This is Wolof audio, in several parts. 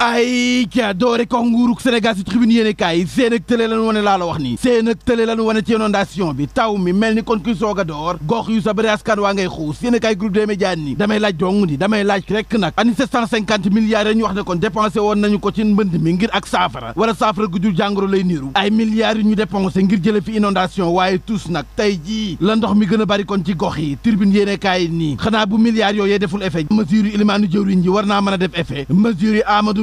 ay ca doore ko nguurug Sénégal si tribune yéene kaay seen ak tële lan wane laa la wax nii seen ak tële lan wane ci inondation bi taw mi mel ni kon kuy soog a door gox yu sa bëri askan waa ngay xuus yéene kaay groupe des médias damay laaj dong ni damay laaj rek nag ani 750 milliards ñu wax ne kon dépensé woon nañu ko ci mbënd mi ngir ak saafara wala saafara gu jur lay niru ay milliards yu ñu dépensé ngir jële fi inondation waaye tous nag tey jii la ndox mi gën a bari kon ci gox yi tribune yéene kaay nii xanaa bu milliards yooyee deful effet mesure yi war naa mën a def effet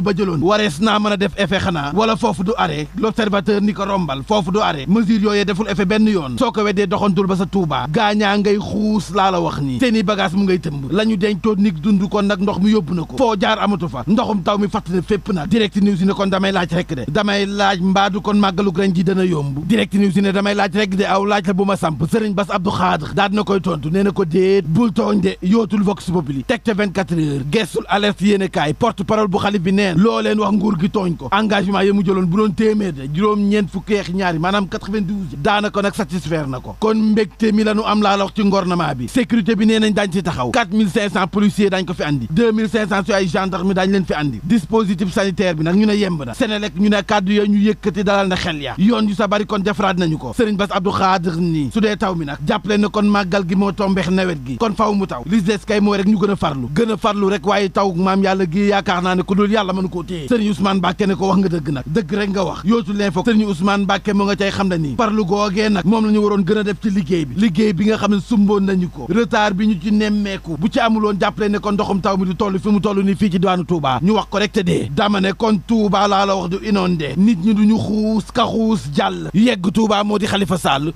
ba jëloon warees naa mën a def effet xanaa wala foofu du arrêt l'observateur ni ko rombal foofu du arrêt mesure yooyee deful effet benn yoon soo ko weddee doxantul ba sa Touba gaañaa ngay xuus laa la wax nii seeni bagage mu ngay tëmb la ñu dencoon nit dund kon nag ndox mi yóbbu na ko foo jaar amatu fa ndoxum taw mi fatt na fépp nag direct news ne kon damay laaj rek de damay laaj mbaadu kon màggalug ren ji dana yomb direct news ne damay laaj rek de aw laaj la bu ma samp sëriñ Bass Abdou Khadre koy tontu nee na ko déet bul tooñ de yootul vox populi teg ca 24 kaay porte parole bu xalif bi nee leen loo leen wax nguur gi tooñ ko engagement yi mu jëloon bu doon téeméer de juróom ñeent fukki ak ñaari maanaam 92 daanaka nag satisfaire na ko kon mbégte mi la am laa la wax ci ngornement bi sécurité bi nee nañ daañ ci taxaw 4500 policiers ko fi andi 2500 su ay leen fi andi dispositif sanitaire bi nag ñu ne yemb na Senelec ñu ne kàddu yooyu ñu yëkkati dalal na xel ya yoon yu sa bari kon defaraat nañu ko Serigne Bass Abdou Khadre nii su dee taw mi na kon màggal gi moo tombeex nawet gi gi yaakaar naa ne ku dul yàlla mënu koo téye sëriñ Ousmane Mbacke ne ko wax nga dëgg nag dëgg rek nga wax yootu l'info sëriñ Ousmane Mbacke moo nga cay xam ne nii parlu googee nag moom la ñu waroon gën a def ci liggéey bi liggéey bi nga xam ne sumboon nañu ko retard bi ñu ci nemmeeku bu ci amuloon jàppale ne kon ndoxum taw du toll fi mu toll ni fii ci diwaanu Touba ñu wax ko rek te dee dama ne kon Touba laa la wax du inondé nit ñi duñu xuus ka xuus jàll yegg Touba moo di Khalifa Sall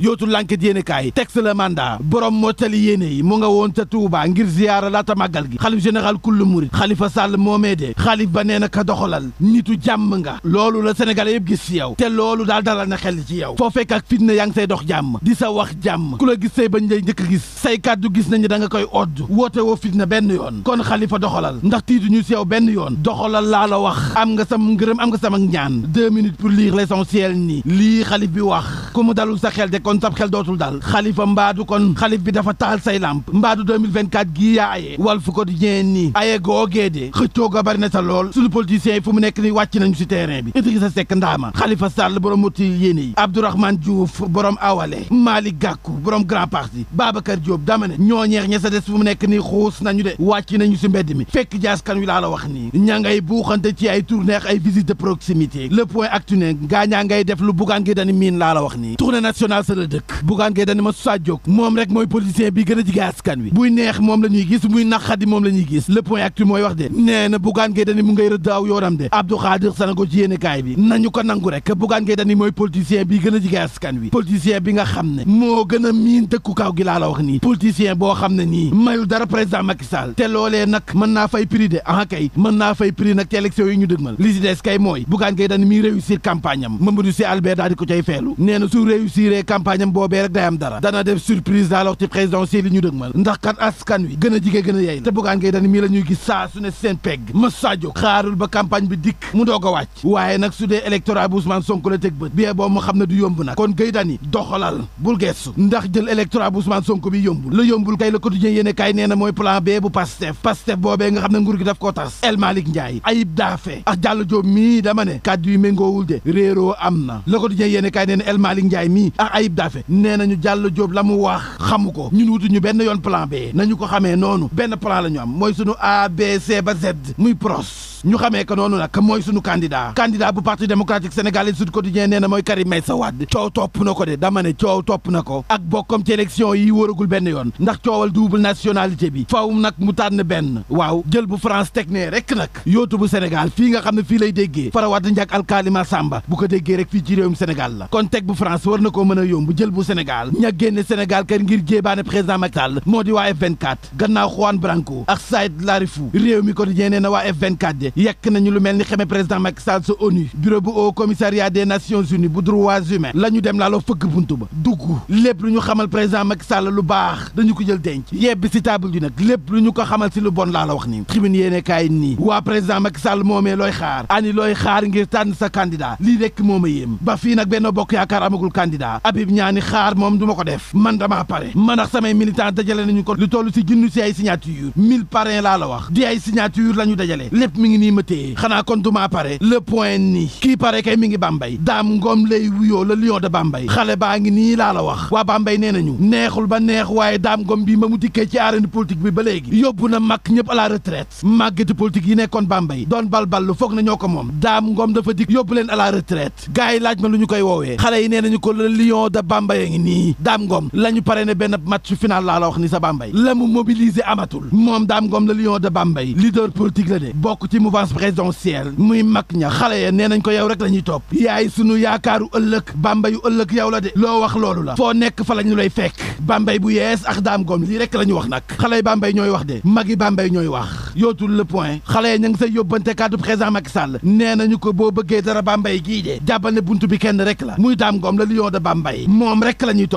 ka doxalal nitu jàmm nga loolu la sénégalais yëpp gis ci yow te loolu daal dalal na xel ci yow foo fekk ak fitna yaa ngi say dox jàmm di sa wax jàmm ku la gis say bañ lay njëkk a gis say kàddu gis nañu da nga koy odd woote woo fitna benn yoon kon xalifa doxalal ndax tiitu ñu ci yow benn yoon doxalal laa la wax am nga sama ngërëm am nga sama ñaan deux minutes pour lire l'essentiel nii lii xalif bi wax ku mu dalul sa xel de kon sab xel dootul dal xalifa mbaadu kon xalif bi dafa taal say lamp mbaadu 2024 gii yaa aye wal fu ko di ñeen nii aye googee de xëccoo ga bari na sa lool suñu politiciens yi fu mu nekk ni wàcc nañu si terrain bi Idrissa sekk ndaama xalifa Sall borom mutti yéene yi Abdourahmane Diouf borom awale Malick Gakou borom grand baaba Babacar joob dama ne ñooñeex ña sa des fu mu nekk ni xuus nañu de wàcc ñu si mbedd mi fekk jaaskan wi laa la wax nii ña ngay buuxante ci ay tournée ay visite de proximité le point actu ne gaa ñaa ngay def lu buggaan ngi dani miin laa la wax ni tournée nationale sa la dëkk bugaan ngay dani ma Moussa Diop moom rek mooy politicien bi gën a jige askan wi buy neex moom la ñuy gis buy naqadi moom la ñuy gis le point actu mooy wax de nee na bugaan ngay dani mu ngay rëdd aw yoonam de Abdou Khadir ci yéene kaay bi nañu ko nangu rek bugaan ngay dani mooy politicien bi gën a jige askan wi politicien bi nga xam ne moo gën a miin dëkku kaaw gi laa la wax nii politicien boo xam ne nii mayul dara président Macky Sall mën naa fay prix de ah naa fay prix nag ñu dëgmal li campagne am Mamadou Sy su réussir campagne am boobee rek day am dara dana def surprise alors ci présidentielle li ñu dëgmal ndax kat askan wi gën a jigee gën a yey na te buggaan mii la gis saa su ne seen pegg ma xaarul ba campagne bi dikk mu doog a wàcc waaye nag su dee électorat bu Ousmane Sonko la teg bët biyee boobu mu xam ne du yomb nag kon gay doxalal bul geessu ndax jël électorat bu Ousmane Sonko bi yombul la yombul kay le quotidien yéene kay nee nee na Malick Ndiaye mii ak Ayib Daffé nee ñu Diallo Diop la mu wax xamu ko ñun wutuñu benn yoon plan na ñu ko xamee noonu benn plan la ñu am mooy sunu A B C ba Z muy pros ñu xamee ko noonu nag mooy sunu candidat candidat bu parti démocratique sénégalais Sud Quotidien nee na mooy Karim Meïssa Wade coow topp na ko de dama ne coow topp na ko ak bokkam ci élection yi wóoragul benn yoon ndax coowal double nationalité bi faw nag mu tànn benn waaw jël bu France teg ne rek nag yootu bu Sénégal fii nga xam ne fii lay déggee Farawaad Ndiak Alkalima Samba bu ko déggee rek fii ci réewum Sénégal la kon teg bu France war na koo mën yomb jël bu Sénégal ña génne Sénégal kër ngir jéebaane président Macky Sall moo di waa F24 gannaaw Juan na waa f yekk nañu lu mel ni xeme président Macky Sall sa ONU bureau bu haut commissariat des nations unies bu droits humains la ñu dem laa la fëgg buntu ba dugg lépp lu ñu xamal président Macky Sall lu baax dañu ko jël denc yebbi si table ji nag lépp lu ñu ko xamal si lu bon laa la wax nii tribune yéene kaay nii waa président Macky Sall moomee looy xaar ani looy xaar ngir tànn sa candidat lii rekk moom a yéem ba fii nag benn bokk yaakaar amagul candidat Habib ñaani xaar moom du ko def man damaa pare man ak samay militant dajale nañu ko lu toll si junni si ay signature mille laa la wax di ay signature la ñu dajale lépp mi ngi nii ma téye xanaa kon du maa pare le point nii kii pare kay mi ngi Bambey daam ngoom lay wuyoo le lion de Bambey xale baa ngi nii laa la wax waa Bambey nee nañu neexul ba neex waaye daam ngoom bi ma mu dikkee ci arène politique bi ba léegi yóbbu na mag ñëpp à la retraite màggati yi nekkoon Bambey doon balbal lu foog na ñoo ko moom daam ngoom dafa dikk yóbbu leen à la retraite gars yi laaj ma lu ñu koy woowee xale yi nee nañu ko le lion de Bambey a ngi la ñu pare ne benn match final laa la wax ni sa Bambey la mu mobiliser amatul moom daam ngoom le lion de Bambey leader politique la mouvance présidentielle muy mag ña xale ya nee nañ ko yow rek la ñuy topp yaay sunu yaakaaru ëllëg bamba yu ëllëg la de loo wax loolu la foo nekk fa lañu lay fekk bambay bu yees ak daam goom lii rek la ñu wax nag xaley bambay ñooy wax de magi bambay ñooy wax yootul le point xale ya ña ngi say yóbbante kàddu président Macky Sall nee nañu ko boo bëggee dara bambay gii de jàppal ne buntu bi kenn rek la muy daam goom la lion de bambay moom rek la ñuy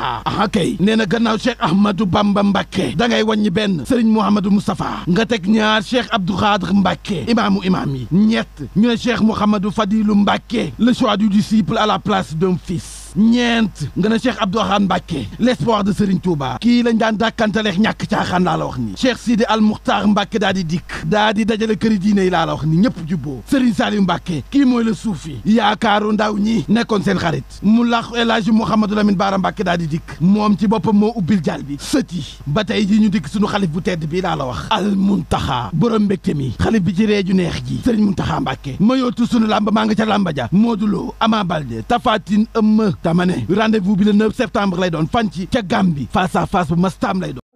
a Moustapha ah kay nee na gannaaw Cheikh Ahmadou Bamba Mbacke da ngay wàññi benn Serigne Mouhamadou Moustapha nga teg ñaar Cheikh Abdou Khadre Mbacke imaamu imaam yi ñett ñu ne Cheikh Mouhamadou Fadilou Mbacke le choix du disciple à la place d'un fils ñeent nga ne Cheikh Abdou Ahad Mbacké l'espoir de Serigne Touba kii lañ daan dàkkantaleex ñàkk caaxaan laa la wax ni Cheikh Sidi Al Muxtaar Mbacké daa di dikk daa di dajale këri diine yi laa la wax ni ñëpp jubboo Serigne Saliou Mbacké kii mooy la suuf suufi yaakaaru ndaw ñi nekkoon seen xarit mu laax El Hadji Mouhamadou Lamine Bara Mbacké daa di dikk moom ci boppam moo ubbil jaal bi sët ba tey ji ñu dikk sunu xalif bu tedd bi laa la wax Al Muntaxa borom mi xalif bi ci reeju neex ji Serigne Muntaxa Mbacké ma yootu suñu làmb maa nga ca làmba ja Modou Lo Ama Baldé Tapha Tine dama ne rendez-vous bi le 9 septembre lay doon fan ci ca Gambie face à face bu ma lay doon